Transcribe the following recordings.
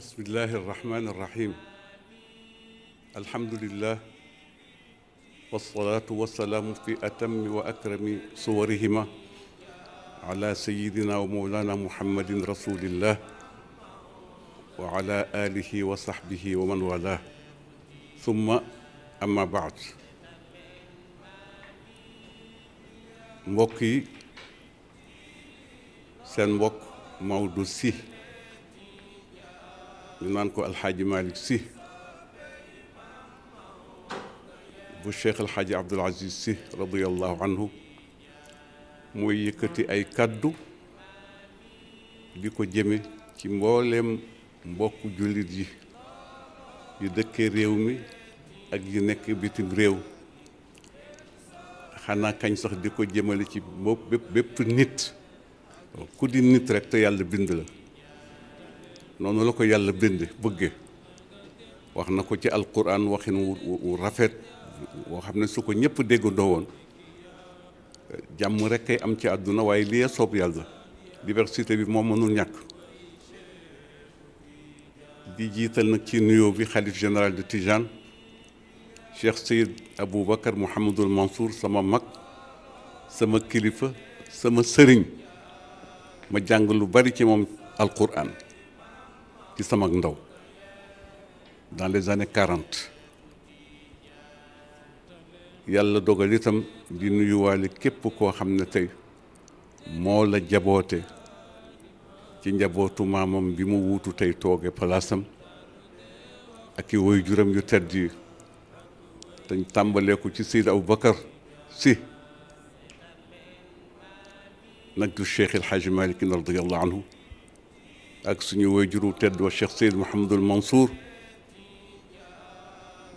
بسم الله الرحمن الرحيم الحمد لله والصلاة والسلام في أتم وأكرم صورهما على سيدنا ومولانا محمد رسول الله وعلى آله وصحبه ومن والاه ثم أما بعد موكي yi seen mbokk نانكو الحاج مالك سي بو الشيخ الحاج عبد العزيز سي رضي الله عنه موي يكتي اي كادو ديكو جيمي سي مبولم مبوك جوليت جي يو دك ريومي اك يو نيك بيتم ريو خانا كاج سخ ديكو جيمالي سي بوب بيب نيت كودي نيت رك تا يالا بيندلا noonu la ko yàlla bindé bëgge wax na ko ci alquran waxin wu rafet wo xamné ne su ko ñëpp déggandoo woon jàmm rek kay am ci aduna way li soob yàlla diversité bi moom mënul ñak di jital nak ci nuyo bi xalif général de Tijane Cheikh Seyid Aboubacar Mouhamadul Mansour sama mak sama kilifa sama serigne ma jàng lu bari ci mom alquran ci sama dans les années 40. yàlla dogal itam di nuyuwaale képp koo xam ne tey moo la jaboote ci njabootu maamam bi mu wuutu tey tooge palaasam ak i woy juram yu tedd yi dañ tàmbalee ko ci Seyd Aboubacar si nag du Cheikh El Hadj Malick radiyallahu anhu ak suñu wajuru tedd wa cheikh seyd mouhamadul mansour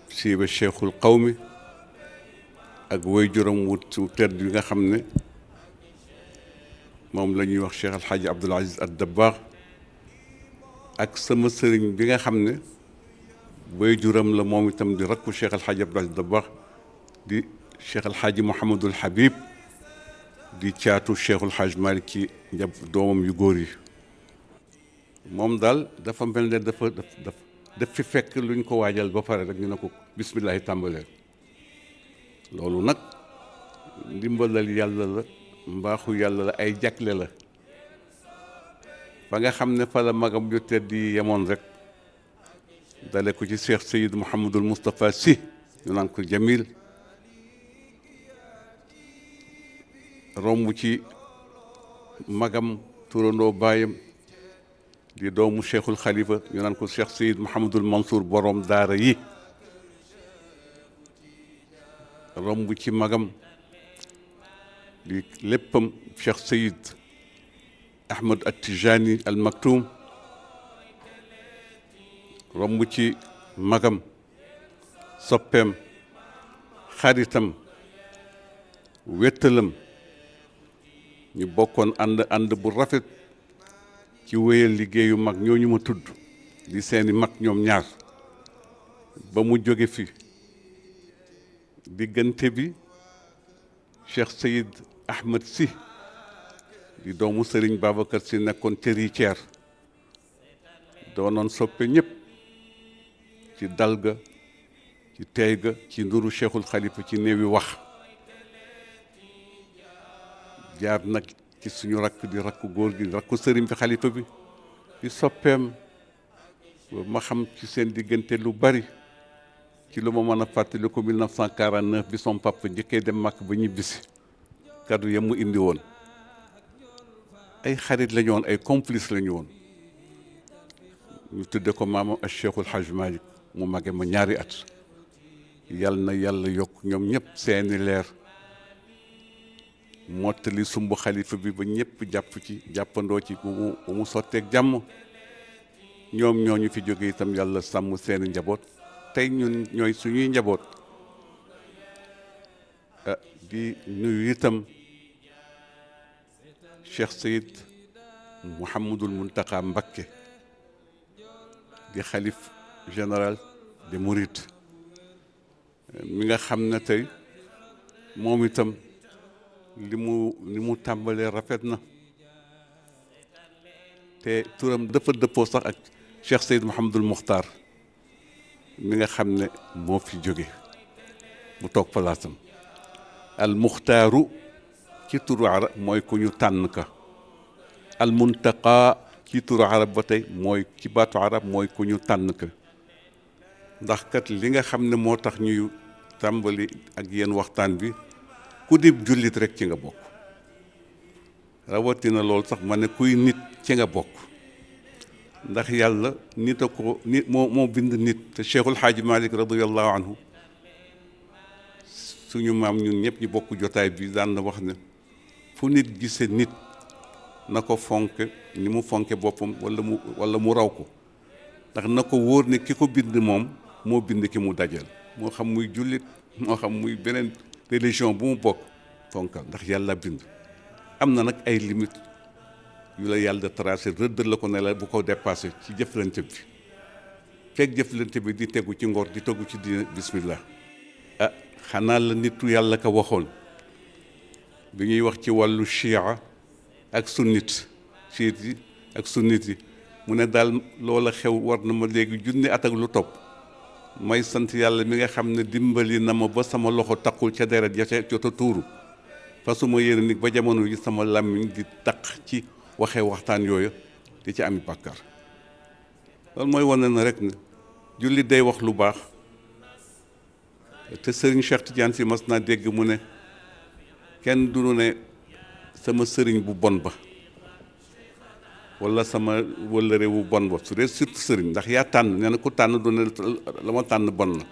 siiba cheikhul qawmi ak wajuram wu tedd bi nga xam ne moom la ñuy wax cheikh alxaaji abdul aziz ad dabbaax ak sama sëriñ bi nga xam ne wajuram la moom itam di rakku cheikh alxaaji abdul aziz dabbaax di cheikh alxaaji mouhamadul habib di caatu cheikhul xaaj malik ci njab doomam yu góor yi moom daal dafa mel ne dafa daf daf fi fekk lu ñu ko waajal ba pare rek ñu ne ko bisimillahi tàmbaleel loolu nag ndimbalal yàlla la mbaaxu yàlla la ay jagle la fa nga xam ne fa la magam ju tedd yemoon rek dale ko ci Cheikh Sayid Mouhamadul Moustapha Sy ñu naan ko Jamil romb ci magam turandoo baayam di doomu cheikhul xalifa ñu naan ko cheikh sayid mouhamadul mansour borom daara yi romb ci magam di léppam cheikh sayid ahmad attijani al maktoum romb ci magam soppeem xaritam wettalam ñu bokkoon ànd ànd bu rafet ci wéyal liggéeyu mag ñooñu ma tudd di seeni mag ñoom ñaar ba mu jóge fi diggante bi Cheikh sëyid Ahmed Sy di doomu Serigne Babacar Sy nekkoon héritier doonoon soppe ñëpp ci dal ga ci tey ga ci nduru Cheikhul Khalifa ci néewi wax jaar nag ci suñu rak di rak góor gi rak rakku sëriñ bi khalifa bi di soppeem ma xam ci seen diggante lu bari ci luma ma mën a 1949 bi son papa njëkkee dem mak ba ñibisi kaddu yam mu indi won ay xarit lañu won ay complice lañu won ñu tudde ko al cheikh al Hajj malik mu magge ma ñaari at yalna yàlla yok ñom ñep seeni leer motali sumbu khalifa bi ba ñëpp jàpp ci jappando ci bu mu sotte ak jàmm ñom ñoñu fi jóge itam yàlla sam seen njabot tay ñun ñoy suñu njabot di nuyu itam Cheikh sayyid Mouhamadul muntaka Mbakke di khalif général de Mouride mi nga xamne tay tey itam. li mu li mu tàmbalee rafet na te turam dafa dëppoo sax ak Cheikh Seyd Mouhamadul Muxtaar mi nga xam ne moo fi jóge bu toog palaasam al muxtaaru ci turu arab mooy ku ñu tànn ka al muntaqa ci turu arab ba tey mooy ci baatu arab mooy ku ñu tànn ka ndax kat li nga xam ne moo tax ñuy tàmbali ak yéen waxtaan bi ku di jullit rek ci nga bokk rawatina lool sax ma ne kuy nit ci nga bokk ndax yàlla nit a ko nit moo moo bind nit te Cheikhul Xaaji Malik radiyallahu anhu suñu maam ñun ñëpp ñu bokk jotaay bi daan na wax ne fu nit gisee nit na ko fonke ni mu fonke boppam wala mu wala mu raw ko ndax na ko wóor ne ki ko bind moom moo bind ki mu dajal moo xam muy jullit moo xam muy beneen religion bu mu bokk fonkal ndax yàlla bind am na nag ay limite yu la yàlla tracé rëdd la ko ne la bu ko dépassé ci jëflante bi fekk jëflante bi di tegu ci ngor di tegu ci diine bismillah ah xanaa la nitu yàlla ka waxoon bi ñuy wax ci wàllu shia ak sunnit chiit yi ak sunnit yi mu ne daal loola xew war na ma léegi junni at ak lu topp may sant yàlla mi nga xam ne dimbali na ma ba sama loxo takkul ca deret ya ca jot a tuuru fasuma yéene ni ba jamono yi sama làmmiñ di taq ci waxe waxtaan yooyu li ci ami bàkkar loolu mooy wane na rek ne jullit day wax lu baax te sëriñ Cheikh Tidiane si mas naa dégg mu ne kenn du ne sama sëriñ bu bon ba wala sama wala réewu bon ba su dee surtout sëriñ ndax yaa tànn nee na ku tànn du ne la ma tànn bon na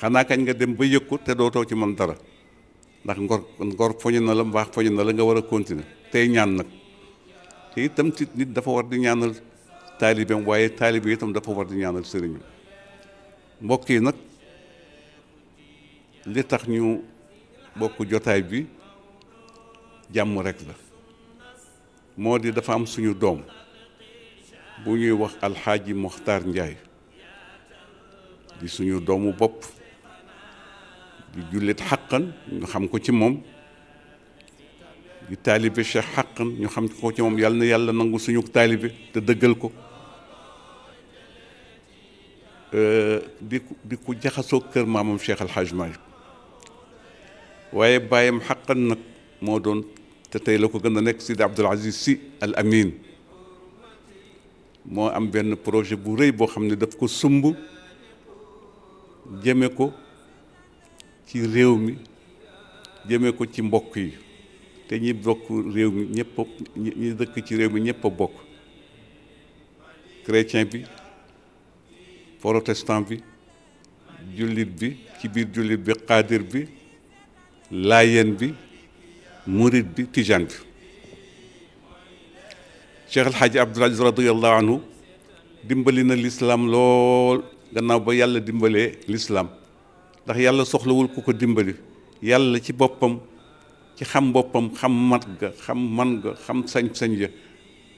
xanaa kañ nga dem ba yëg ko te dootoo ci man dara ndax ngor ngor foñu na la mbaax foñu na la nga war a continuer tey ñaan nag te itam ci nit dafa war di ñaanal taalibeem waaye taalibe itam dafa war di ñaanal sëriñ mbokk yi nag li tax ñu bokk jotaay bi jàmm rek la مودي دافا ام دوم بو نيي واخ الحاج مختار نجاي دي سونو دومو بوب دي جوليت حقا نيو خام كو تي موم دي طالب الشيخ حقا نيو خام كو تي يالنا يالا نانغو سونو طالب كو دي كو جاخاسو كير مامام شيخ الحاج ماجد waye bayam haqqan nak te tey la ko Sidi Abdoul Aziz si Al Amin mo am ben projet bu reuy bo xam daf ko sumb jëme ko ci réew mi jëme ko ci mbokk yi te ñi bokk réew mi ñëpp ñi dëkk ci réew mi ñëpp bokk chrétien bi protestant bi jullit bi ci biir jullit bi qadir bi laayeen bi murit bi tijaan bi Cheikh El Hadj Abdoul Aziz radiyallahu anhu dimbali na lislaam lool gannaaw ba yàlla dimbalee lislaam ndax yàlla soxlawul ku ko dimbali yàlla ci boppam ci xam boppam xam mat ga xam man ga xam sañ-sañ ya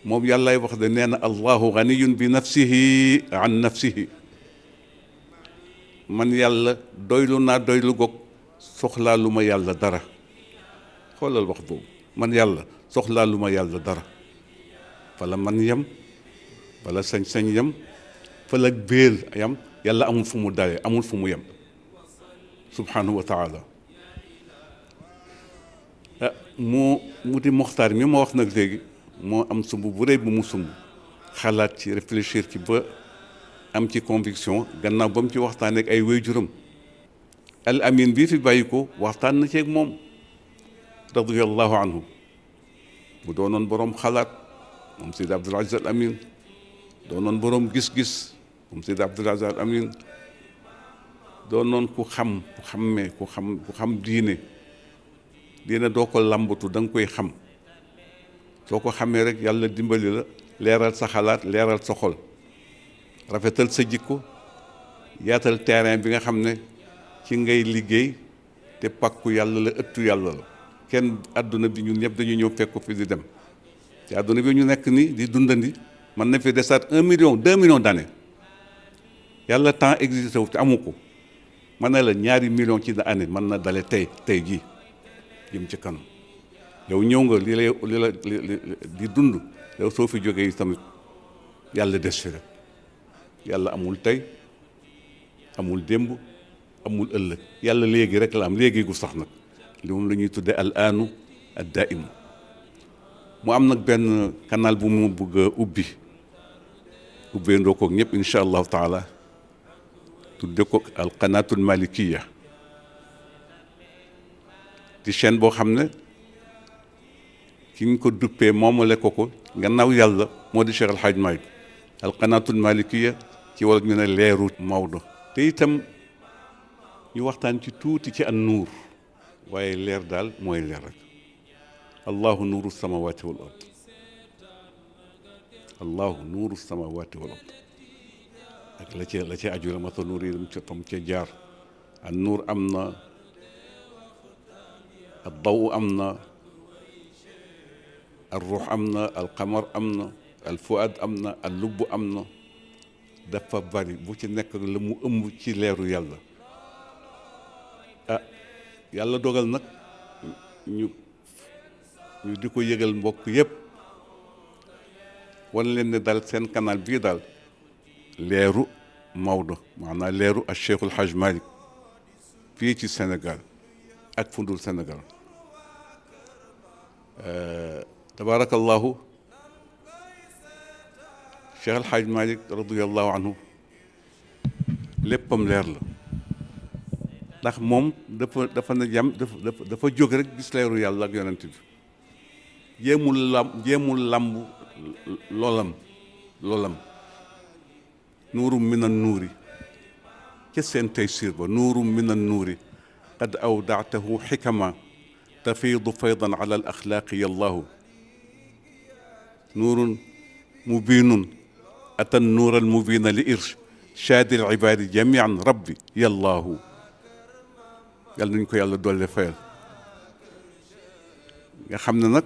moom yàllaay wax de nee na allahu ganiyun bi nafsihi an nafsihi man yàlla doylu naa doylu gog soxlaa lu ma yàlla dara xoolal wax boobu man yàlla soxlaalu ma yàlla dara fa la man yam fa la sañ-sañ yam fa la béel yam yàlla amul fu mu dalee amul fu mu yem subhanahu wa taala mu mu di moxtaar mi ma wax nag léegi moo am sumb bu rëy bu mu sumb xalaat ci réfléchir ci ba am ci conviction gannaaw ba mu ci waxtaan ak ay wéy juróom al amin bii fi bàyyi ko waxtaan na ceeg moom radiyallahu anhu bu doonoon borom xalaat moom Seydi Abdoul Aziz Al Amin doonoon borom gis-gis moom Seydi Abdoul Aziz Al Amin doonoon ku xam ku xammee ku xam ku xam diine diine doo ko lambatu da nga koy xam soo ko xamee rek yàlla dimbali la leeral sa xalaat leeral sa xol rafetal sa jikko yaatal terrain bi nga xam ci ngay liggéey te pàkku yàlla la ëttu yàlla la kenn adduna bi ñun ñëpp dañuy ñëw fekk ko fi di dem te adduna bi ñu nekk ni di dundandi man na fi desaat un million deux millions d'années yàlla temps existé wu te amu ko man ne la ñaari million ci année mën na dale tey tey jii jëm ci kanam yow ñëw nga li lay li la di dund yow soo fi jógee tamit yàlla des fi rek yàlla amul tey amul démb amul ëllëg yàlla léegi rek la am léegi gu sax nag li moom la ñuy tudde al aanu ad daim mu am nag benn canal bu mu bëgg a ubbi ubbee ndoo koog ñëpp incha allahu taala tudde ko al qanatul malikiya di chaîne boo xam ne ki ñu ko duppee moomale ko ko gannaaw yàlla moo di Cheikh Al Hadj Malick al qanatul malikiya ci wala ñu ne leeru Maodo te itam ñu waxtaan ci tuuti ci an nuur وإلير دال مويلير الله نور السماوات والأرض الله نور السماوات والأرض لا شيء لا شيء أجل ما تنور جار النور أمنا الضوء أمنا الروح أمنا القمر أمنا الفؤاد أمنا اللب أمنا دفع باري بوش نكر لمو أمو تي ليرو يالله yàlla dogal nag ñu ñu di ko yëgal mbokk yépp wan leen ne daal seen canal bii dal leeru Maodo maanaam leeru ak Cheikhul Haj Malick fii ci Sénégal ak fundul Sénégal eh, tabaarakallahu Cheikh Al Haj Malick radiyallahu anhu léppam leer la ndax moom dafa dafa na jam dafa dafa jóg rek gis leeru yàlla ak yonent bi jéemul lam jéemul làmb loolam loolam nuurum minan nuuri ca seen taysir ba nuurum minan nuuri qad awdactahu xikama tafiidu faydan ala al axlaaqi yallaahu nuurun mubiinun ata nnuura almubiina li irshaadi al cibaadi jamian rabbi yallaahu yàlla nañ ko yàlla doole fayal nga xam ne nag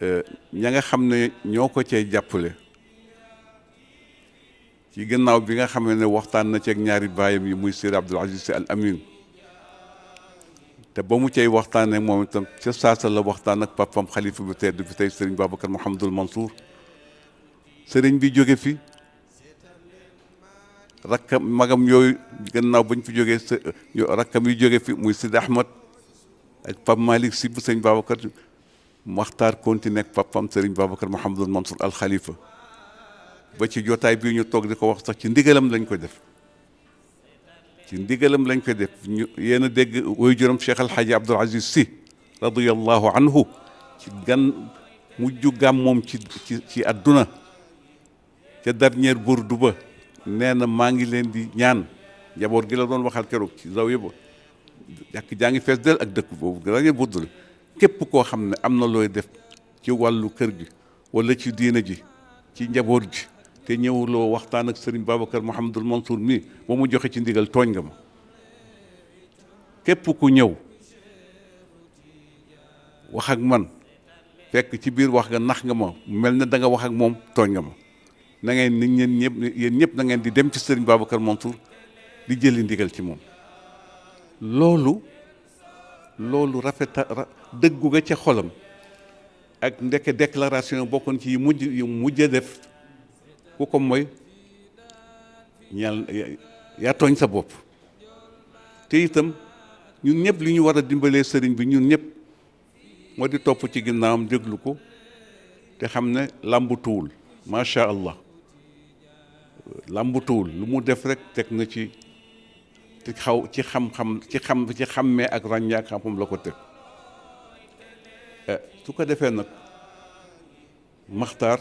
eh, ña nga xam ne ñoo ko cee jàppale ci gannaaw bi nga xam ne waxtaan na ceeg ñaari baayam yi muy Sir Abdul Aziz Sy Al Amin te ba mu cee waxtaanee moom itam ca saasa la waxtaan ak papam xalifa bu tedd bi tey sëriñ Babacar Mouhamadul Mansour sëriñ bi jóge fi rakkam magam yooyu gannaaw bañ fi jógee sa rakkam yu jógee fi muy Sidi Ahmad ak Pape Malick Sy bu sëñ Babacar Maxtaar Konti nekk papam Serigne Babacar Mouhamadul Mansour Al Khalifa ba ci jotaay bii ñu toog di ko wax sax ci ndigalam lañ ko def ci ndigalam lañ ko def ñu yéen a dégg woy juróom Cheikh Al Hadji Abdoul Aziz Sy radiyallahu anhu ci gan mujj gàmmoom ci ci ci àdduna ca dernier bourdu ba nee na maa ngi leen di ñaan njaboot gi la doon waxal keroog ci zaw yëpp jàkk jaa ngi fees del ak dëkk boobu dara yëpp wutul képp koo xam ne am na looy def ci wàllu kër gi wala ci diina ji ci njaboot ji te ñëwuloo waxtaan ak sëriñ Babacar Mouhamadul Mansour mii ba mu joxee ci ndigal tooñ nga ma képp ku ñëw wax ak man fekk ci biir wax nga nax nga ma mel ne da nga wax ak moom tooñ nga ma na ngeen ni ñeen ñëpp yéen ñëpp na di dem ci sëriñ Babacar Mansour di jëli ndigal ci moom loolu loolu rafeta dëggu ga ca xolam ak ndeke déclaration bokkoon ci yu mujj yu mujj def ku ko mooy ñal yaa tooñ sa bopp te itam ñun ñëpp li ñu war a dimbalee sëriñ bi ñun ñëpp moo di topp ci ginnaawam déglu ko te xam ne làmbutuwul macha allah làmbutuwul lu mu def rek teg na ci ci xaw ci xam-xam ci xam ci xàmmee ak ràññaak ak xam-xam la ko teg eh, su ko defee nag maxtaar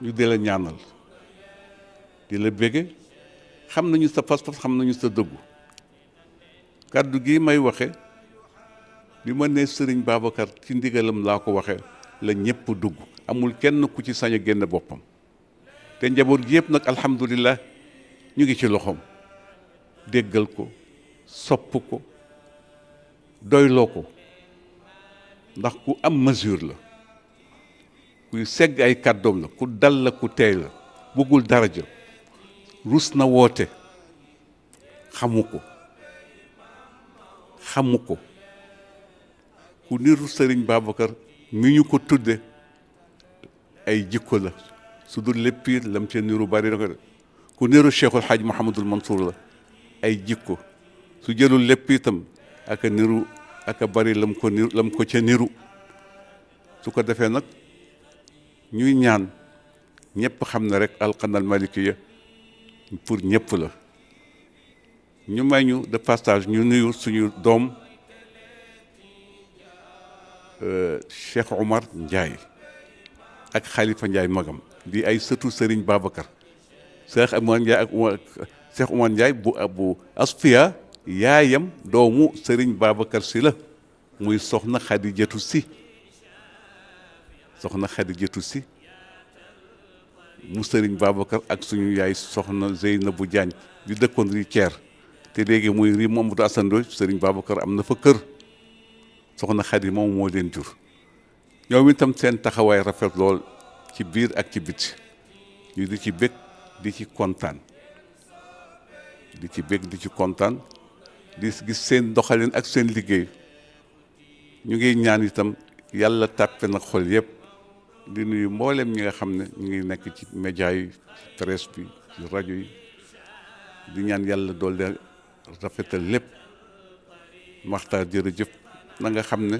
ñu dee la ñaanal di la bége xam nañu sa fas-fas xam nañu sa dëggu kàddu gi may waxe bi ma nee sëriñ Babacar ci ndigalam laa ko waxe la ñëpp dugg amul kenn ku ci sañ a génn boppam te njaboot gi yëpp nag alhamdulilah ñu ngi ci loxoom déggal ko sopp ko doyloo ko ndax ku am mesure la kuy segg ay kàddoom la ku dal la ku teey la bëggul daraja rus na woote xamu ko xamu ko ku niru Sëriñ Babacar mi ñu ko tudde ay jikko la sudul pir lam ca niru bari na ko de ku niru cheikhul xaaj mouhamadul mansour la ay jikko su jëlul lépp itam ak a niru ak a bari lam ko niru lam ko ca niru su ko defee nag ñuy ñaan ñëpp xam ne rek alqanal malikiya pour ñëpp la ñu may de passage ñu nuyu suñu doom Cheikh Omar Ndiaye ak xalifa Ndiaye magam di ay sëtu sëriñ Babacar Cheikh Oumar Ndiaye ak Cheikh Oumar Ndiaye bu bu Asfiya yaayam doomu sëriñ Babacar si la muy soxna Xadijatu si soxna Xadijatu si mu Serigne Babacar ak suñu yaay soxna bu Diagne di dëkkoon ri Thier te léegi muy ri Mamadou Assane Ndoye Serigne am na fa kër soxna Xadi moom moo leen jur ñoom itam seen taxawaay rafet lool ci biir ak ci biti ñu di ci bég di ci kontaan di ci di ci kontaan di gis seen doxalin ak seen liggéey ñu ngi ñaan itam yàlla tàppe na xol yëpp di nuyu mboolem ñi nga xam ne ñu ngi nekk ci média yi presse bi ci rajo yi di ñaan yàlla doole rafetal lépp Maxtaar jërëjëf na nga xam ne.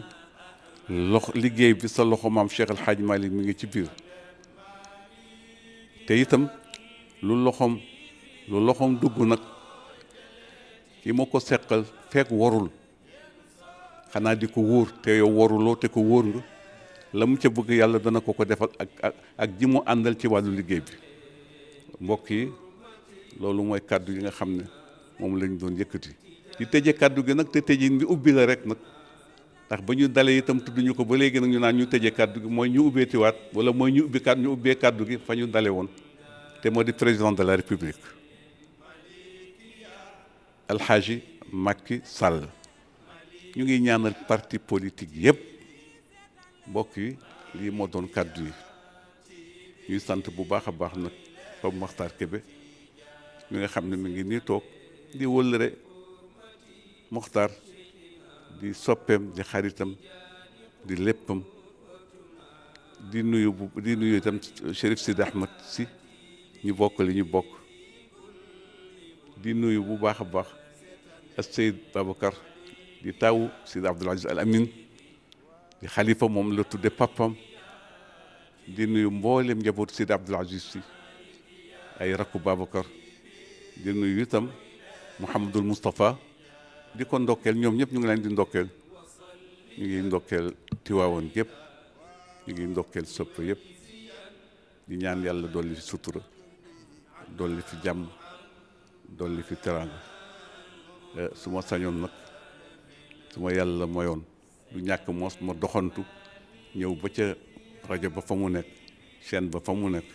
loxo liggéey bi sa loxo maam Cheikh xaaj Hadj mu ngi ci biir te itam lu loxoom lu loxoom dugg nag ki ma ko seqal fekk warul xanaa di ko wóor te yow waruloo te ko wóor nga la mu ca bëgg yàlla dana ko ko defal ak ak ji mu àndal ci wàllu liggéey bi mbokk yi loolu mooy kàddu yi nga xam ne moom lañ doon yëkkati di tëje kàddu gi nag te tëjin bi ubbi la rek nag. ndax ba ñu dalee itam tudd ñu ko ba léegi nag ñu naan ñu tëjee kàddu gi mooy ñu ubbeetiwaat wala mooy ñu ubbi kàddu ñu kàddu gi fa ñu dale woon te moo di président de la république alxaaji Macky sàll ñu ngi ñaanal parti politique yëpp mbokk yi lii moo doon kàddu yi ñuy sant bu baax a baax nag comme Makhtar kebe mi nga xam ne mu ngi nii toog di wëllëre Makhtar di soppem di xaritam di léppam di nuyu bu di nuyu tam cheikh Sidi Ahmed si ñu bokk li ñu bokk di nuyu bu baaxa baax al sayyid babakar di taw Sidi abdul Aziz Al Amin di khalifa mom la tudde papam di nuyu mboolem njabootu Sidi abdul Aziz si ay rakku babakar di nuyu tam محمد المصطفى di ko ndokkeel ñoom ñëpp ñu ngi leen di ndokkeel ñu ngi ndokkeel Tiwaawoon gépp ñu ngi ndokkeel sëpp yëpp di ñaan yàlla dolli fi sutura dolli fi jàmm dolli fi teraanga eh, su ma sañoon nag su ma yàlla mayoon du ñàkk moos ma doxantu ñëw ba ca rajo ba fa mu nekk chaîne ba fa mu nekk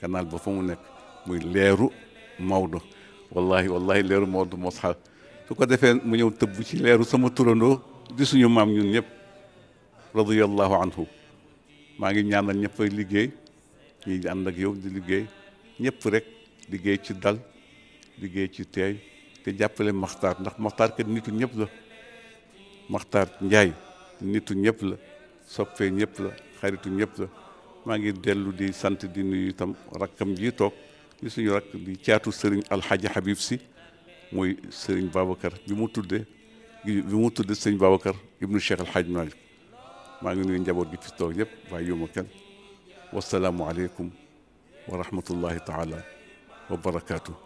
canal ba fa mu nekk muy leeru Maodo wallahi wallahi leeru Maodo mos xal su ko defee mu ñëw tëbb ci leeru sama turandoo di suñu maam ñun ñëpp radiyallahu anhu maa ngi ñaanal ñëpp ay liggéey ñi ànd ak yow di liggéey ñëpp rekk liggéey ci dal liggéey ci teey te jàppale maxtaar ndax maxtaar kat nitu ñëpp la maxtaar njaay nitu ñëpp la soppee ñëpp la xaritu ñëpp la maa ngi dellu di sant di nuyu itam rakkam ji toog suñu rakk di caatu sëriñ alxaaji Habib si mooy sëriñ Babacar bi mu tudde bi mu tudde sëriñ Babacar ibnu Cheikh El Hadj Malick maa ngi nuyu njaboot gi fi toog ñëpp waaye yow ma kenn wasalaamualeykum wa rahmatullahi taala wa barakaatu.